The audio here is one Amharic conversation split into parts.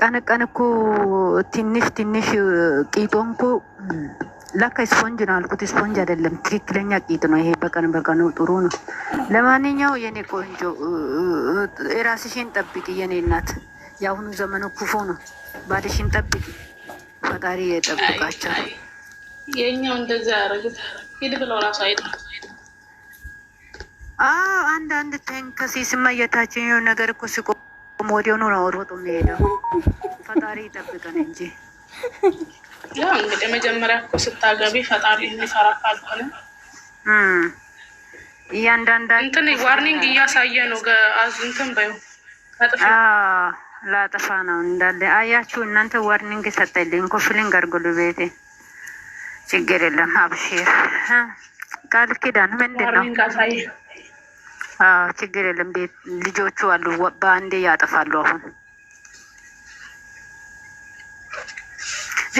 ቀን ቀን እኮ ትንሽ ትንሽ ቂጦን እኮ ለካ ስፖንጅ ነው አልኩት። ስፖንጅ አይደለም ትክክለኛ ቂጥ ነው ይሄ። በቀን በቀኑ ጥሩ ነው። ለማንኛው የኔ ቆንጆ የራስሽን ጠብቂ የኔ እናት። የአሁኑ ዘመኑ ክፉ ነው። ባልሽን ጠብቂ፣ ፈጣሪ የጠብቃቸው። የኛው እንደዛ ያደረጉት ሂድ ብለው ራሱ አይደ አንዳንድ ተንከሴ ስማ የታችኛው ነገር እኮ ሲቆ ሞሪዮኑን ፈጣሪ ይጠብቀን እንጂ ያው እንግዲህ መጀመሪያ እኮ ስታገቢ ፈጣሪ የሚሰራ ካልሆነ እያንዳንዳ እንትን ዋርኒንግ እያሳየ ነው። አዙ እንትን በዩ ላጠፋ ነው እንዳለ አያችሁ እናንተ ዋርኒንግ ሰጠልኝ። ኮፍልን ገርግሉ ቤቴ ችግር የለም። አብሽር ቃል ኪዳን ምንድን ነው? ችግር የለም። ቤት ልጆቹ አሉ፣ በአንዴ ያጠፋሉ። አሁን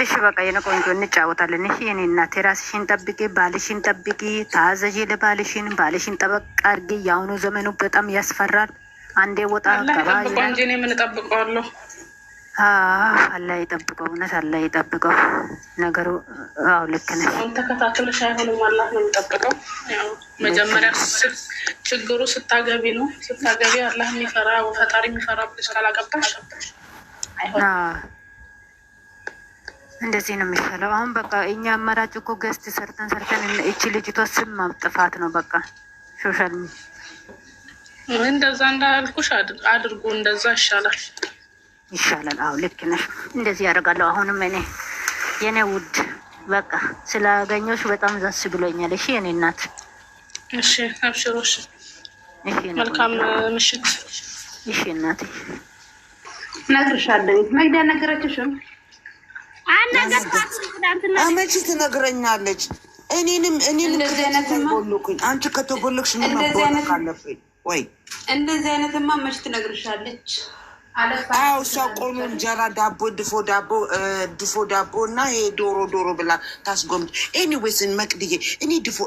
እሺ በቃ የኔ ቆንጆ እንጫወታለን። እሺ የኔ እናት የራስሽን ጠብቂ፣ ባልሽን ጠብቂ፣ ታዘዥ ለባልሽን። ባልሽን ጠበቅ አድርጊ። የአሁኑ ዘመኑ በጣም ያስፈራል። አንዴ ወጣ ምንጠብቀዋለሁ አላህ ይጠብቀው። እውነት አላህ ይጠብቀው። ነገሩ አዎ ልክ ነሽ። ተከታትለሽ አይሆንም፣ አላህ ነው የሚጠብቀው። መጀመሪያ ችግሩ ስታገቢ ነው። ስታገቢ አላህ የሚፈራ ፈጣሪ የሚፈራ ብለሽ ካላገባሽ እንደዚህ ነው የሚሻለው። አሁን በቃ እኛ አማራጭ እኮ ገስት ሰርተን ሰርተን እቺ ልጅቷ ስም ማጥፋት ነው በቃ ሶሻል እንደዛ እንዳልኩሽ አድርጎ እንደዛ ይሻላል። ይሻላል። አዎ ልክ ነሽ። እንደዚህ ያደርጋለሁ። አሁንም እኔ የኔ ውድ በቃ ስላገኘሁሽ በጣም ደስ ብሎኛል። እሺ የኔ እናት። እሺ አብሽሮ። እሺ መልካም ምሽት። እሺ እናቴ እነግርሻለሁ። መግዳ ነገረችሽም አመቺ ትነግረኛለች። እኔንም እኔንም እንደዚህ አንቺ ከተቦለክሽ ምን መቦለክ አለብኝ ወይ? እንደዚህ አይነትማ መች ትነግርሻለች። አዎ እሷ ቆሎ እንጀራ ዳቦ ድፎ ዳቦ ድፎ ዳቦ እና ይሄ ዶሮ ዶሮ ብላ ታስጎምድ። ኤኒዌይስን መቅድዬ እኔ ድፎ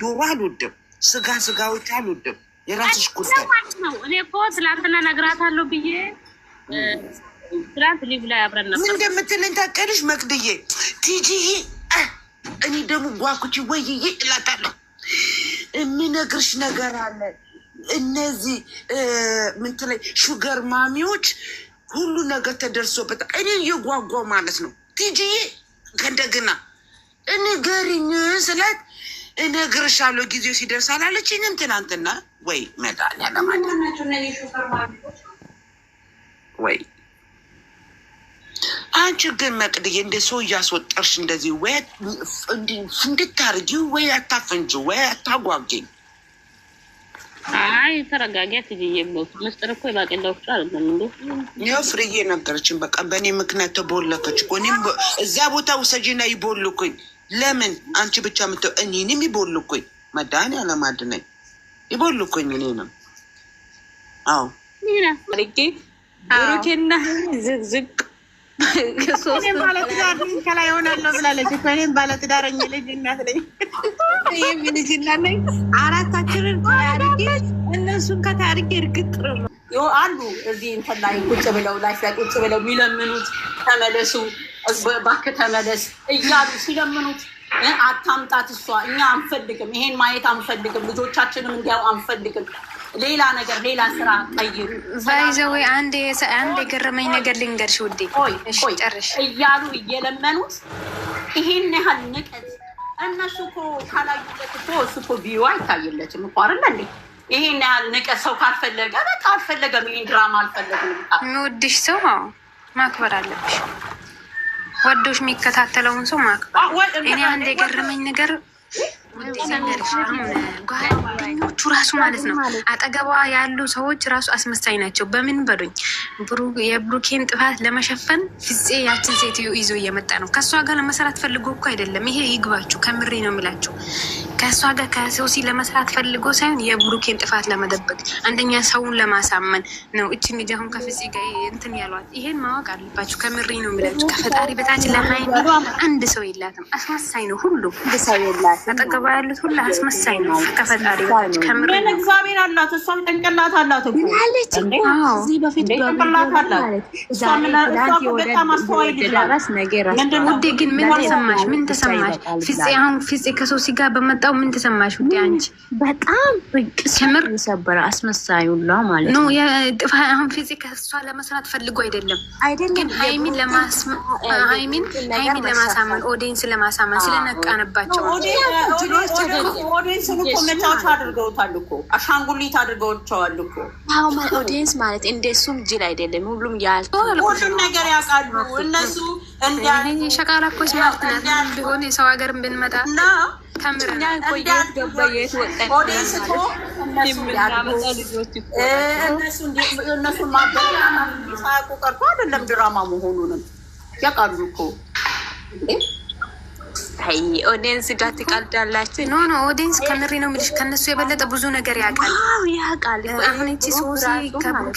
ዶሮ አልወድም፣ ስጋ ስጋዎች አልወድም። የራስሽ ጉዳይ ነው። እኔ እኮ ትላንትና እነግራታለሁ ብዬ ትላንት ሊቭ ላይ አብረን ነበር። ምን እንደምትለኝ ታውቂያለሽ መቅድዬ? ቲጂ እኔ ደግሞ ጓኩቺ ወይዬ እላታለሁ። የምነግርሽ ነገር አለ እነዚህ ምንት ላይ ሹገር ማሚዎች ሁሉ ነገር ተደርሶበት እኔ እየጓጓ ማለት ነው ቲጂዬ ከእንደገና ንገሪኝ ስላት እነግርሻለሁ ጊዜው ሲደርስ አላለችኝም። ትናንትና ወይ መዳሊያ ወይ አንቺ ግን መቅድዬ እንደ ሰው እያስወጠርሽ እንደዚህ ወይ እንድታርጊ ወይ አታፈንጂ ወይ አታጓጊኝ አይ ተረጋጊ ትዬ ምስጢር እኮ የባቄላዎቹ አይደለም እንዴ? ያው ፍርዬ ነበረችን። በቃ በእኔ ምክንያት ተቦለከች እኔም እዛ ቦታ ውሰጂና ይቦልኩኝ። ለምን አንቺ ብቻ ምትው? እኔንም ይቦልኩኝ። መድኃኒ አለማድነኝ ይቦልኩኝ። እኔ አዎ ርጌ ብሩኬና ዝግዝግ ባለትዳር ከላይ ሆናለሁ ብላለች እኔም ባለትዳረኝ ልጅ እናት ነኝ። ልጅ እናት ነኝ። አራታችንን እሱን ከታሪክ እርግጥ ነው አሉ። እዚህ እንትን ላይ ቁጭ ብለው ላይፍ ላይ ቁጭ ብለው የሚለምኑት ተመለሱ፣ እባክህ ተመለስ እያሉ ሲለምኑት አታምጣት እሷ እኛ አንፈልግም፣ ይሄን ማየት አንፈልግም፣ ልጆቻችንም እንዲያው አንፈልግም። ሌላ ነገር ሌላ ስራ ቀይሩ። ባይዘዌ አንድ የገረመኝ ነገር ልንገርሽ ውዴ፣ ጨርሽ እያሉ እየለመኑት ይሄን ያህል ንቀት እነሱ እኮ ካላዩለት እኮ እሱ እኮ ቪዩ አይታየለትም እኮ አይደለ እንዴ? ይሄን ያህል ንቀት ሰው ካልፈለገ በቃ አልፈለገም። ይህን ድራማ አልፈለግም። የሚወድሽ ሰው ማክበር አለብሽ። ወዶሽ የሚከታተለውን ሰው ማክበር። እኔ አንድ የገረመኝ ነገር ጓደኞቹ ራሱ ማለት ነው አጠገቧ ያሉ ሰዎች ራሱ አስመሳይ ናቸው። በምን በሉኝ፣ የብሩኬን ጥፋት ለመሸፈን ፍፄ ያችን ሴትዮ ይዞ እየመጣ ነው። ከእሷ ጋር ለመሰራት ፈልጎ እኮ አይደለም። ይሄ ይግባችሁ፣ ከምሬ ነው የሚላችሁ ከእሷ ጋር ከሶሲ ለመስራት ፈልጎ ሳይሆን የብሩኬን ጥፋት ለመደበቅ አንደኛ ሰውን ለማሳመን ነው። እች ልጅ አሁን ከፍጽ ጋር እንትን ያሏት ይሄን ማወቅ አለባችሁ። ከምሪ ነው የሚላችሁ። ከፈጣሪ በታች ለሀይሚ አንድ ሰው የላትም። አስመሳይ ነው ሁሉ አጠገባ ያሉት ሁሉ አስመሳይ ነው። ከፈጣሪ በታች ከምሪ እግዚአብሔር አላት። እሷም ጭንቅላት አላት። ምናለች እዚህ በፊት ጭንቅላት አላት። አስተዋይ ልጅ ናት። ምንድን ነው ግን ምን ተሰማሽ? ምን ተሰማሽ? ፍጽ አሁን ፍጽ ከሶሲ ጋር በመጣ ሲወጣው ምን ተሰማሽ ውዴ? አንቺ በጣም ስምር ሰበረ አስመሳዩላ ማለት ነው። አሁን ፊዚክ እሷ ለመስራት ፈልጎ አይደለም ግን ሀይሚን ሀይሚን ለማሳመን ኦዲንስ ለማሳመን ስለነቃነባቸው ኦዲንስን እኮ መጫወቻ አድርገውታል እኮ አሻንጉሊት አድርገውቸዋል እኮ። ኦዲንስ ማለት እንደሱም ጅል አይደለም። ሁሉም ያል ሁሉም ነገር ያውቃሉ እነሱ። ሸቃላ እኮ ስማርት ናት ቢሆን የሰው ሀገር ብንመጣ እና እነሱን ማበያ ድራማ መሆኑንም ያውቃሉ እኮ። ኦዲየንስ ጋር ትቀልዳላችሁ። ኖ ኖ ኦዲየንስ ከምሬ ነው የምልሽ፣ ከነሱ የበለጠ ብዙ ነገር ያውቃል ያውቃል። አሁን ቺ ሶሲ ከቡኬ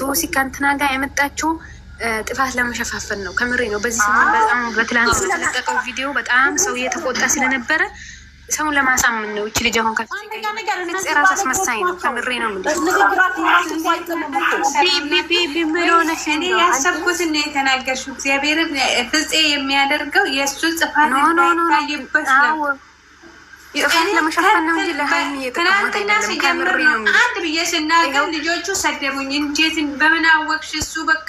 ሶሲ ከእንትና ጋር የመጣችው ጥፋት ለመሸፋፈን ነው። ከምሬ ነው። በዚህ ሰሞን በጣም በትላንት ስለተለቀቀው ቪዲዮ በጣም ሰው እየተቆጣ ስለነበረ ሰውን ለማሳምን ነው። እች ልጅ አሁን ከራስ አስመሳኝ ነው። ከምሬ ነው። ምን ሆነሽ? እኔ ያሰብኩትን ነው የተናገርሽው። እግዚአብሔርን ፍፄ የሚያደርገው የእሱ ጽፋት ታይበት ነው። ጥፋት ለመሸፈን ነው እንጂ ለሀይሚ ትናንትና ሲጀምር ነው አንድ ብዬ ስናገር ልጆቹ ሰደቡኝ። እንዴት በምን አወቅሽ? እሱ በቃ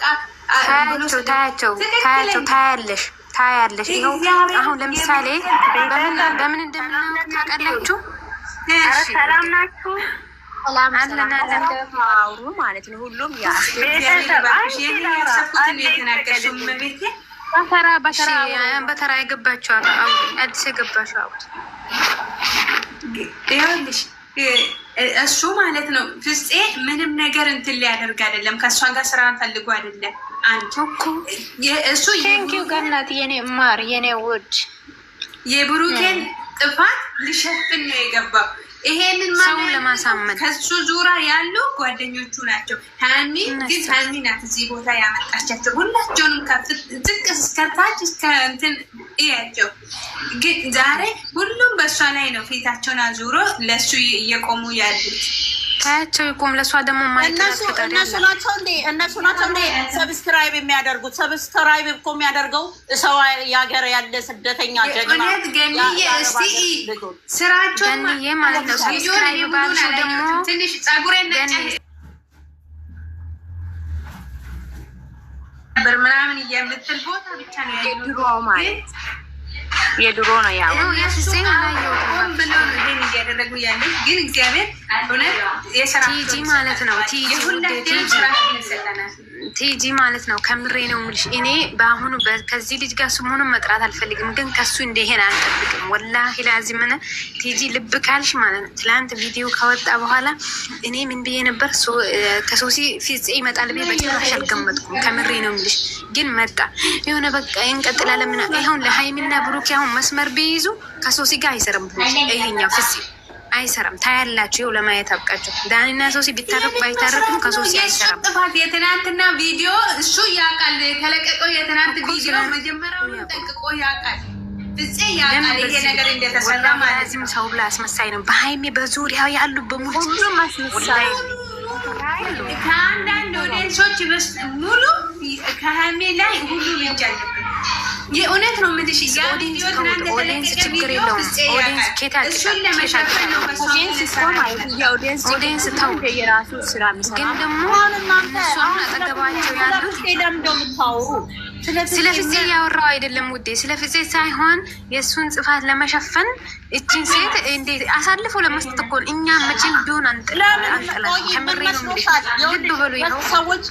ታያቸው ታያቸው ታያቸው ታያለሽ ታያለሽ። ይኸው አሁን ለምሳሌ በምን እንደምናወቅ ታውቃላችሁ። ሰላም ናችሁ። አውሩ ማለት ነው። ሁሉም በተራ በተራ የገባችሁ አዲስ የገባችሁ ይኸውልሽ እሱ ማለት ነው ፍፄ ምንም ነገር እንትን ሊያደርግ አይደለም። ከእሷ ጋር ስራ ፈልጎ አይደለም እሱ ቴንኪው ገናት የኔ ማር የኔ ውድ የብሩኬን ጥፋት ሊሸፍን ነው የገባው። ይሄንን ማለት ለማሳመን ከሱ ዙራ ያሉ ጓደኞቹ ናቸው። ታኒ ግን ታኒ ናት እዚህ ቦታ ያመጣቻቸው። ሁላቸውንም ዝቅ እስከታች እስከ እንትን እያቸው። ግን ዛሬ ሁሉም በእሷ ላይ ነው ፊታቸውን አዙሮ ለእሱ እየቆሙ ያሉት። ታያቸው ይቆም። ለእሷ ደግሞ እነሱ ናቸው እንዴ እነሱ ናቸው እንዴ ሰብስክራይብ የሚያደርጉት? ሰብስክራይብ እኮ የሚያደርገው ሰው የሀገር ያለ ስደተኛ ጀግና ስራቸው ማለት ነው። ሰብስክራይብ ደግሞ ትንሽ ጸጉሬን ብር ምናምን የምትል ቦታ ብቻ ነው ያሉ ድሮ ማለት የድሮ ነው ያው ግን እግዚአብሔር ማለት ነው ቲጂ ቲጂ ማለት ነው። ከምሬ ነው የምልሽ። እኔ በአሁኑ ከዚህ ልጅ ጋር ስሙንም መጥራት አልፈልግም፣ ግን ከሱ እንደሄን አልጠብቅም። ወላሂ ላዚምን ቲጂ ልብ ካልሽ ማለት ነው። ትላንት ቪዲዮ ከወጣ በኋላ እኔ ምን ብዬ ነበር? ከሶሲ ፊጽ ይመጣል ብዬ በጭራሽ አልገመጥኩም። ከምሬ ነው የምልሽ፣ ግን መጣ። የሆነ በቃ እንቀጥላለን ምናምን። ይሁን ለሀይሚና ብሩኪ አሁን መስመር ቢይዙ ከሶሲ ጋር አይሰረም ብሩኪ ይሄኛው ፍጽ አይሰራም። ታያላችሁ። ይኸው ለማየት አብቃችሁ። ዳኒና ሶሲ ቢታረቅ ባይታረቅም ከሶሲ አይሰራም። ጥፋት የትናንትና ቪዲዮ እሱ ያውቃል። ተለቀቀው የትናንት ቪዲዮ መጀመሪያውን ጠንቅቆ ያውቃል። ሰው አስመሳይ ነው። በሀይሜ በዙሪያ ያሉ በሙሉ አስመሳይ ከአንዳንድ ሙሉ ከሀይሜ ላይ ሁሉ ልጅ የእውነት ነው የምልሽ። ኦዲየንስ ችግር የለውም። ስለ ፍፄ እያወራው አይደለም ውዴ፣ ስለ ፍፄ ሳይሆን የእሱን ጽፋት ለመሸፈን እችን ሴት እንዴት አሳልፎ ለመስጠት እኮ እኛ መቼም ቢሆን አንጥላልሰዎች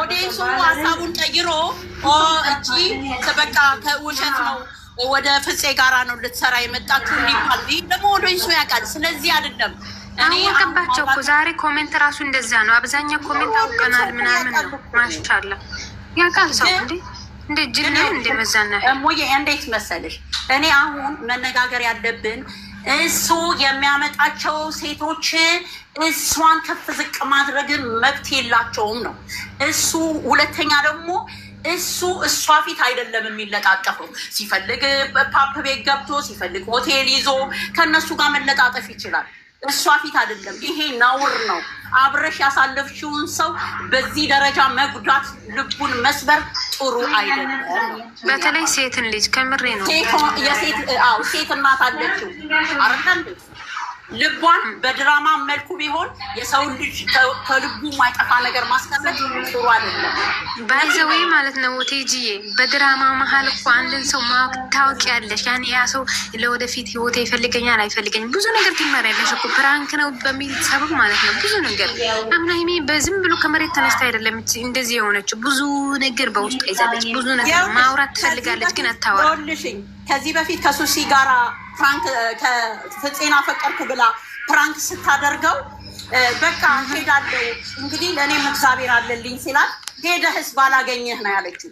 ወደሱ ሀሳቡን ቀይሮ በቃ ነው ወደ ፍፄ ጋራ ነው ልትሰራ የመጣችሁ እንዲባል ደግሞ ያውቃል። ስለዚህ አይደለም እኮ ዛሬ ኮሜንት ራሱ እንደዛ ነው። አብዛኛው ኮሜንት አውቀናል ምናምን ነው ማሻላ ያውቃል ሰው እንደ ጅል እንደመዛና እሞዬ እንዴት መሰልሽ፣ እኔ አሁን መነጋገር ያለብን እሱ የሚያመጣቸው ሴቶች እሷን ከፍ ዝቅ ማድረግን መብት የላቸውም ነው እሱ። ሁለተኛ ደግሞ እሱ እሷ ፊት አይደለም የሚለጣጠፈው። ሲፈልግ ፓፕ ቤት ገብቶ ሲፈልግ ሆቴል ይዞ ከእነሱ ጋር መለጣጠፍ ይችላል። እሷ ፊት አይደለም። ይሄ ነውር ነው። አብረሽ ያሳለፍሽውን ሰው በዚህ ደረጃ መጉዳት፣ ልቡን መስበር ጥሩ አይደለም። በተለይ ሴትን ልጅ ከምሬ ነው። ሴት እናት አለችው አረንደ ልቧን በድራማ መልኩ ቢሆን የሰው ልጅ ከልቡ ማይጠፋ ነገር ማስቀመጥ ጥሩ አይደለም። ባይዘወይ ማለት ነው። ቴጂዬ በድራማ መሀል እኮ አንድን ሰው ማወቅ ታውቂያለሽ። ያን ያ ሰው ለወደፊት ህይወት ይፈልገኛል አይፈልገኝም ብዙ ነገር ትመሪያለሽ እኮ ፕራንክ ነው በሚል ሰበብ ማለት ነው። ብዙ ነገር አሁን ሀይሜ በዝም ብሎ ከመሬት ተነስታ አይደለም እንደዚህ የሆነችው። ብዙ ነገር በውስጡ ይዛለች። ብዙ ነገር ማውራት ትፈልጋለች፣ ግን አታወራ። ከዚህ በፊት ከሱሲ ጋራ ፍራንክ ከፍፄን አፈቀርኩ ብላ ፕራንክ ስታደርገው በቃ ሄዳለው እንግዲህ ለእኔም እግዚአብሔር አለልኝ ሲላል ሄደህ ህዝብ አላገኘህ ነው ያለችው።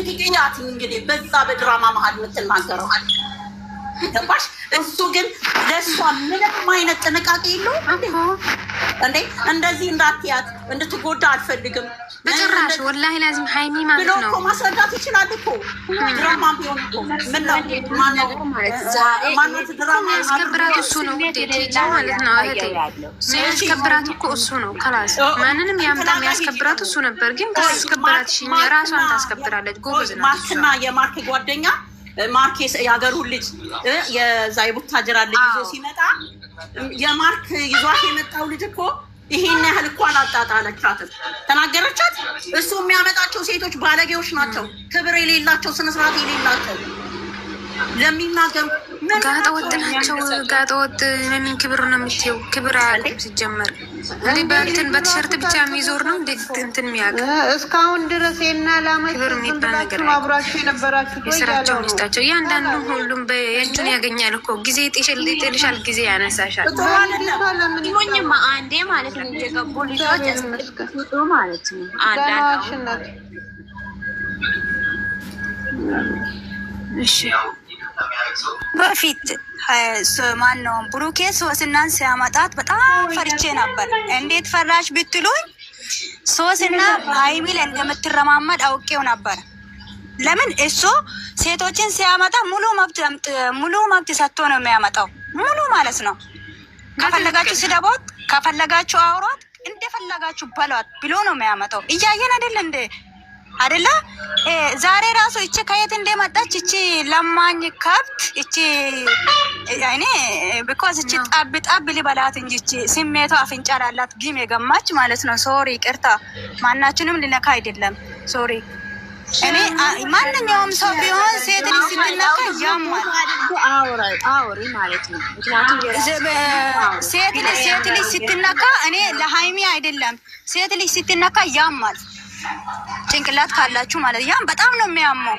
ንግግኛት እንግዲህ በዛ በድራማ መሀል የምትናገረው አለ ገባሽ? እሱ ግን ለእሷ ምንም አይነት ጥንቃቄ የለውም። እንዴ እንደዚህ እንዳትያት እንድትጎዳ አልፈልግም በጭራሽ ወላሂ ላዚም ሀይሚ ማለት ነው ብሎ ማስረዳት ይችላል እኮ ድራማ ቢሆን ያስከብራት እሱ ነው ማለት ነው ያስከብራት እኮ እሱ ነው ከላስ ማንንም ያምጣ ያስከብራት እሱ ነበር ግን ከአስከብራት ሽኛ ራሷን ታስከብራለች ጎበዝ ናት ማርክና የማርክ ጓደኛ ማርክ የሀገሩ ልጅ የዛ የቡታጅራ ልጅ ይዞ ሲመጣ የማርክ ይዟት የመጣው ልጅ እኮ ይሄን ያህል እኮ አላጣጣለቻትም። ተናገረቻት። እሱ የሚያመጣቸው ሴቶች ባለጌዎች ናቸው፣ ክብር የሌላቸው፣ ስነስርዓት የሌላቸው ለሚናገሩ ጋጠ ወጥ ናቸው። ጋጠ ወጥ ለምን ክብር ነው የምትይው? ክብር አያውቅም ሲጀመር። እንዴ በእንትን በቲሸርት ብቻ የሚዞር ነው እንዴ እንትን የሚያውቅ እስካሁን ድረስ ና ላማ ክብር የሚባል ነገር አብራችሁ የነበራችሁ የስራቸውን ይስጣቸው። እያንዳንዱ ሁሉም በእጁን ያገኛል እኮ ጊዜ ይጥልሻል፣ ጊዜ ያነሳሻል። ሞኝማ አንዴ ማለት ነው ገቡ ልጆች ማለት ነው አንዳንድ እሺ በፊት ማን ነው ብሩኬ ሶስናን ሲያመጣት በጣም ፈርቼ ነበር። እንዴት ፈራሽ ብትሉኝ ሶስና ሀይሚል እንደምትረማመድ አውቄው ነበር። ለምን እሱ ሴቶችን ሲያመጣ ሙሉ መብት ሙሉ መብት ሰጥቶ ነው የሚያመጣው። ሙሉ ማለት ነው። ከፈለጋችሁ ስደቦት፣ ከፈለጋችሁ አውሯት፣ እንደፈለጋችሁ በሏት ብሎ ነው የሚያመጣው። እያየን አይደል እንደ አይደለ? ዛሬ ራሱ እቺ ከየት እንደመጣች እቺ ለማኝ ከብት እቺ እኔ ቢኮዝ እቺ ጣብ ጣብ ሊበላት እንጂ እቺ ስሜቷ አፍንጫ ላላት ግም የገማች ማለት ነው። ሶሪ ቅርታ፣ ማናችንም ልነካ አይደለም። ሶሪ እኔ ማንኛውም ሰው ቢሆን ሴት ልጅ ስትነካ ያማል። ሴት ልጅ ስትነካ እኔ ለሀይሚ አይደለም ሴት ልጅ ስትነካ ያማል። ጭንቅላት ካላችሁ ማለት ያም በጣም ነው የሚያመው።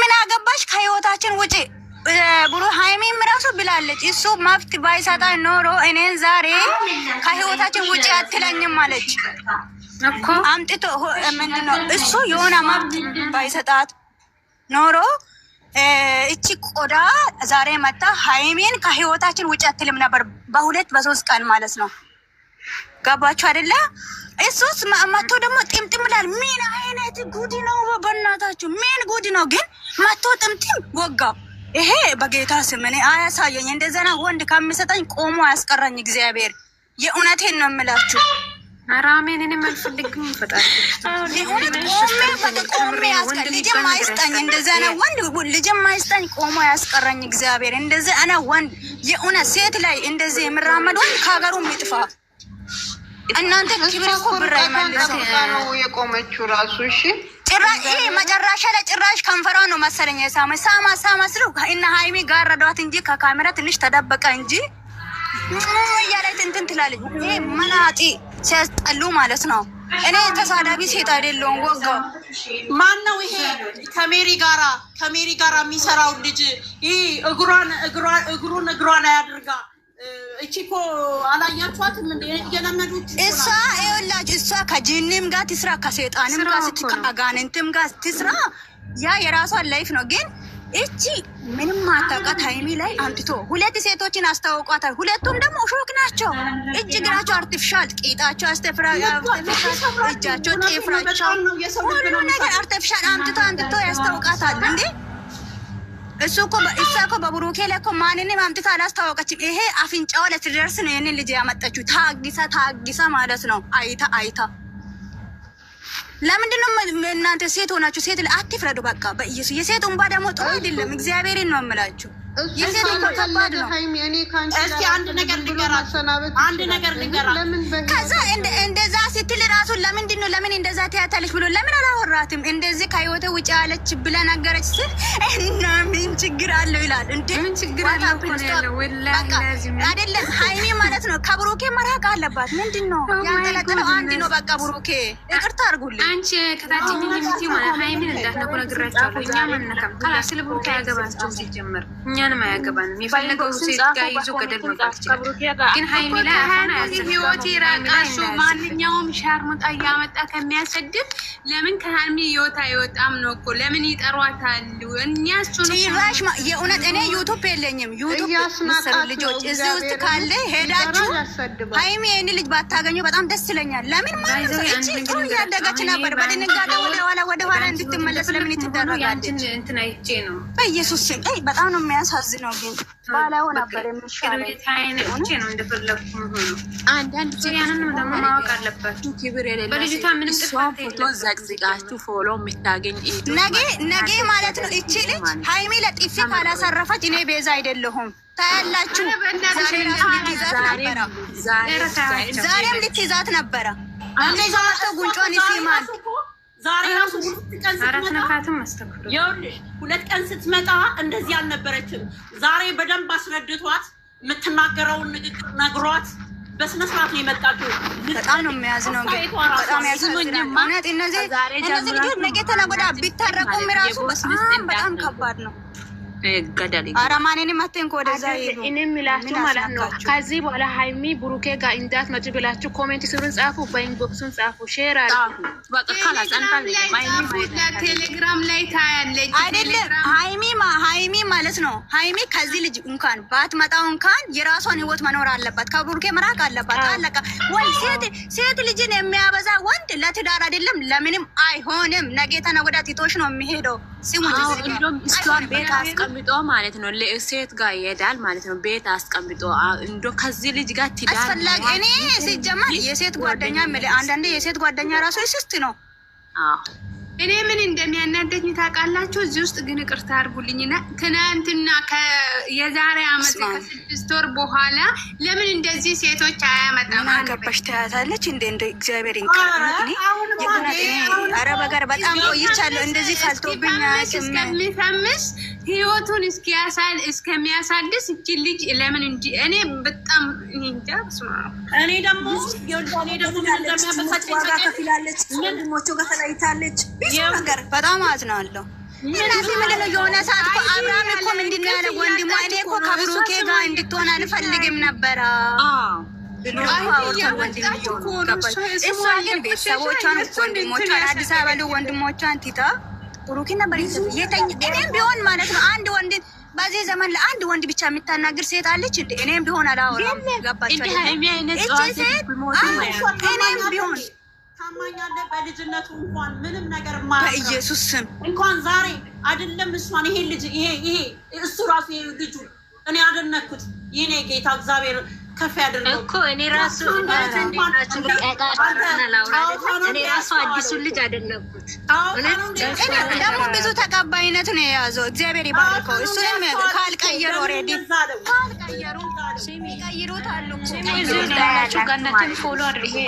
ምን አገባሽ ከህይወታችን ውጪ ብሎ ሀይሚም ራሱ ብላለች። እሱ መፍት ባይሰጣ ኖሮ እኔን ዛሬ ከህይወታችን ውጪ አትለኝም አለች አምጥቶ ነው እሱ የሆነ መብት ባይሰጣት ኖሮ እቺ ቆዳ ዛሬ መጣ ሀይሜን ከህይወታችን ውጭ አትልም ነበር። በሁለት በሶስት ቀን ማለት ነው። ገባችሁ አይደለ? እሱስ መጥቶ ደግሞ ጥምጥም ላል ምን አይነት ጉድ ነው? በበናታችሁ ምን ጉድ ነው? ግን መጥቶ ጥምጥም ወጋው። ይሄ በጌታ ስም እኔ አያሳየኝ። እንደዘና ወንድ ከሚሰጠኝ ቆሞ አያስቀረኝ እግዚአብሔር። የእውነቴን ነው የምላችሁ። አራሜን እኔ አልፈልግም። ፈጣሪ የእውነት ቆሜ ቆሜ ልጅም አይስጠኝ። እንደዚህ ወንድ ልጅም አይስጠኝ። ቆሞ ያስቀራኝ እግዚአብሔር። እንደዚህ አይነት ወንድ የእውነት ሴት ላይ እንደዚህ የሚራመድ ወንድ ከሀገሩ ይጥፋ። እናንተ ኪብራ እኮ ብር ነው የቆመችው ራሱ። እሺ ጭራሽ ይሄ መጨረሻ ላይ ጭራሽ ከንፈሯ ነው መሰለኝ የሳመች። ሳማ ሳማ ስሉ እና ሀይሚ ጋረዷት እንጂ ከካሜራ ትንሽ ተደበቀ እንጂ እያለች እንትን ትላለች። ይሄ መናጢ ሲያስጠሉ ማለት ነው። እኔ ተሳዳቢ ሴት አይደለሁም። ወጋ ማን ነው ይሄ? ከሜሪ ጋራ ከሜሪ ጋራ የሚሰራው ልጅ ይህ እግሯን እግሯን እግሩን እግሯን አያድርጋ እቺ እኮ አላያችኋትም እንደ የለመዱት እሷ ይኸውላችሁ፣ እሷ ከጂኒም ጋር ትስራ ከሴጣንም ጋር ከአጋንንትም ጋር ትስራ፣ ያ የራሷ ላይፍ ነው። ግን እቺ ምንም አታውቃት። ሀይሚ ላይ አምጥቶ ሁለት ሴቶችን አስተዋውቋታል። ሁለቱም ደግሞ ሾክ ናቸው። እጅ እግራቸው አርቲፊሻል፣ ቂጣቸው እጃቸው፣ ጥፍራቸው፣ ሁሉ ነገር አርቲፊሻል አምጥቶ አምጥቶ ያስታውቃታል እንዴ እሱ እኮ እሱ እኮ በቡሩኬ ላይ እኮ ማንንም አምጥታ አላስተዋወቀችም። ይሄ አፍንጫው ለትደርስ ነው ይህንን ልጅ ያመጠችው። ታግሳ ታግሳ ማለት ነው። አይታ አይታ ለምንድን ነው እናንተ ሴት ሆናችሁ ሴት ላይ አትፍረዱ። በቃ በኢየሱስ የሴት እንባ ደግሞ ጥሩ አይደለም። እግዚአብሔርን ነው የምላችሁ። የሴት እንባ ከባድ ነው። እስኪ አንድ ነገር ንገራችሁ፣ አንድ ነገር ንገራ ከዛ እንደዛ ስትል ራሱን ለምንድን ነው ለምን እንደዛ ትያታለች ብሎ ለምን አላወራትም? እንደዚህ ከህይወት ውጭ ያለች ብለ ነገረች ስል እና ምን ችግር አለው ይላል። እንዴ ምን ችግር አለው አይደለም ሀይሜ ማለት ነው ከብሩኬ መራቅ አለባት። ምንድን ነው oh ያንጠለጥለው? አንድ ነው በቃ ብሩኬ ይቅርታ አርጉልኝ። አንቺ ከታችን ሚቲ ማለት ሀይሜን እንዳትነኩ ነግራቸዋለሁ። እኛ መነካም ካላስ ስለ ብሩኬ አያገባቸው ሲጀምር እኛንም አያገባንም። የፈለገው ሴት ጋር ይዞ ገደል መግባት ይችላል። ግን ሀይሜ ላይ አሁን አያዘ ህይወት ይራቃሹ ማንኛውም ሁሉም ሻርሙጣ እያመጣ ከሚያሰድብ ለምን ከሀሚ ህይወት አይወጣም ነው እኮ ለምን ይጠሯታል? እኛሱ የእውነት እኔ ዩቱብ የለኝም። ዩቱብ ልጆች እዚህ ውስጥ ካለ ሄዳችሁ ሀይሚ ይህን ልጅ ባታገኙ በጣም ደስ ይለኛል። ለምን ማለት ነው እቺ ጥሩ እያደገች ነበር። በድንጋጤ ወደኋላ ወደኋላ እንድትመለስ ለምን ትደረጋለች? በኢየሱስ ስም በጣም ነው የሚያሳዝነው። ግን ባላው ነበር የሚሻለው። አንዳንድ ያንን ደግሞ ማወቅ አለበት። ያላችሁ ክብር የሌለበልጅቷ ምንም ፎቶ ዘቅዝቃችሁ ፎሎ የምታገኝ ነገ ማለት ነው። እቺ ልጅ ሀይሚ ለጥፊ ካላሰረፈች እኔ ቤዛ አይደለሁም። ታያላችሁ። ዛሬም ልትይዛት ነበረ። ከዛ መጥቶ ጉንጮን ይስማል። ዛሬ ሁለት ቀን ስትመጣ እንደዚህ አልነበረችም። ዛሬ በደንብ አስረድቷት የምትናገረውን ንግግር ነግሯት በስነ ስርዓት ነው የመጣችው። በጣም ነው የሚያዝነው። እንግዲህ በጣም እነዚህ ልጆች ነገ ተነገ ወዲያ ቢታረቁም ራሱ በጣም በጣም ከባድ ነው። ገደል አረማኔንም አትንኩ። ወደዛ እኔ ምላችሁ ማለት ነው። ከዚህ በኋላ ሀይሚ ብሩኬ ጋር እንዳትመጪ ብላችሁ ኮሜንት ስሩን ጻፉ፣ በኢንቦክሱን ጻፉ፣ ሼር ቴሌግራም ላይ ታያለች አይደለም? ሀይሚ ማለት ነው። ሀይሚ ከዚህ ልጅ እንኳን ባትመጣው እንኳን የራሷን ህይወት መኖር አለባት፣ ከብሩኬ መራቅ አለባት። አለቃ ወይ ሴት ልጅን የሚያበዛ ወንድ ለትዳር አይደለም ለምንም አይሆንም። ነገ ተነገ ወዲያ ትቶሽ ነው የሚሄደው። ሲሙ ቤት አስቀም አስቀምጦ ማለት ነው ለሴት ጋር ይሄዳል ማለት ነው። ቤት አስቀምጦ እንዶ ከዚህ ልጅ ጋር ትዳር አስፈላጊ እኔ ሲጀመር የሴት ጓደኛ አንዳንዴ የሴት ጓደኛ ራሱ ስስት ነው እኔ ምን እንደሚያናደኝ ታውቃላችሁ? እዚህ ውስጥ ግን ይቅርታ አድርጉልኝና ትናንትና የዛሬ አመት ከስድስት ወር በኋላ ለምን እንደዚህ ሴቶች አያመጣም? ገባሽ ተያታለች እንደ እንደ እግዚአብሔር ይንቀርኔ አረብ በጣም ቆይቻለሁ። እንደዚህ ፈልቶብኛ እስከሚፈምስ ህይወቱን እስከሚያሳድስ እች ልጅ ለምን እንዲ እኔ በጣም እንጃ። እኔ ደግሞ እኔ ደግሞ እንደሚያበሳጭ ዋጋ ከፍላለች። ወንድሞቹ ጋር ተለያይታለች። ብዙ ነገር በጣም አዝናለሁ። እናቴ የምልህ የሆነ ሰዓት እኮ አብርሃም እኮ ምንድን ነው ያለ ወንድሟ፣ እኔ እኮ ከብሩኬ ጋር እንድትሆን አልፈልግም ነበረ። እሷ ሴት አለች እንዴ? እኔም ቢሆን አላወራም። ገባቸው እኔም ቢሆን ታማኛለ። በልጅነቱ እንኳን ምንም ነገር በኢየሱስ ስም እንኳን ዛሬ አይደለም እሷን ይሄ ልጅ ይሄ ይሄ እሱ ራሱ ይሄ ልጁ እኔ አደነኩት የኔ ጌታ እግዚአብሔር ከፍ ያደርገው እኮ እኔ ራሱ ራሱ አዲሱን ልጅ አደነኩት። ደግሞ ብዙ ተቀባይነት ነው የያዘው። እግዚአብሔር ይባርከው። እሱንም ካልቀየሩ ካልቀየሩ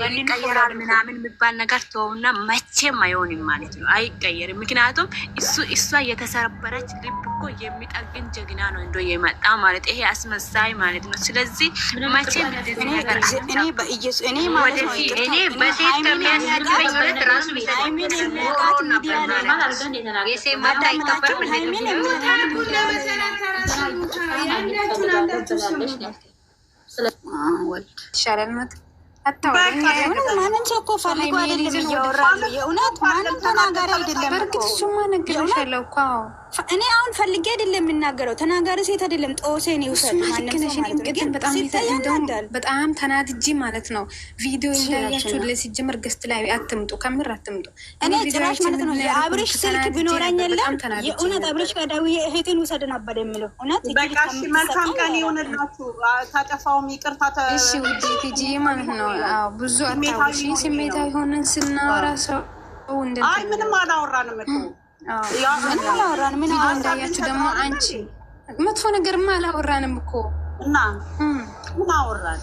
ይቀይሩታል። ምናምን የሚባል ነገር ተውና፣ መቼም አይሆንም ማለት ነው። አይቀየርም። ምክንያቱም እሱ እሷ የተሰበረች ልብ እኮ የሚጠግን ጀግና ነው እንዶ የመጣ ማለት ይሄ አስመሳይ ማለት ነው። ስለዚህ ማንም ሰው እኮ ፈልጎ አይደለም እያወራሉ። የእውነት ማንም ተናጋሪ አይደለም። በእርግጥ እሱማ ነግሬሻለሁ እኮ እኔ አሁን ፈልጌ አይደለም የምናገረው፣ ተናጋሪ ሴት አይደለም። ጦሴ ጦሴን ይውሰድ በጣም ተናድጂ ማለት ነው። ቪዲዮ እንዳያችሁ ለሲጀምር ገስት ላይ አትምጡ፣ ከምር አትምጡ። እኔ ጭራሽ ማለት ነው አብርሽ ስልክ ቢኖረኝ የለም የእውነት አብርሽ ከደውዬ እህቴን ውሰድ ነበር የምለው። እውነት በቃሽ፣ መልካም ቀን ይሆንላችሁ። ታጠፋውም ይቅርታ እሺ፣ ውድ ቲጂ ማለት ነው። ብዙ አታውሽ ስሜታ የሆነን ስናወራ ሰው አይ ምንም አላወራንም እኮ አላወራንም። ምን እንዳያችሁ ደግሞ አንቺ መጥፎ ነገርማ አላወራንም እኮ እና ምን አወራን?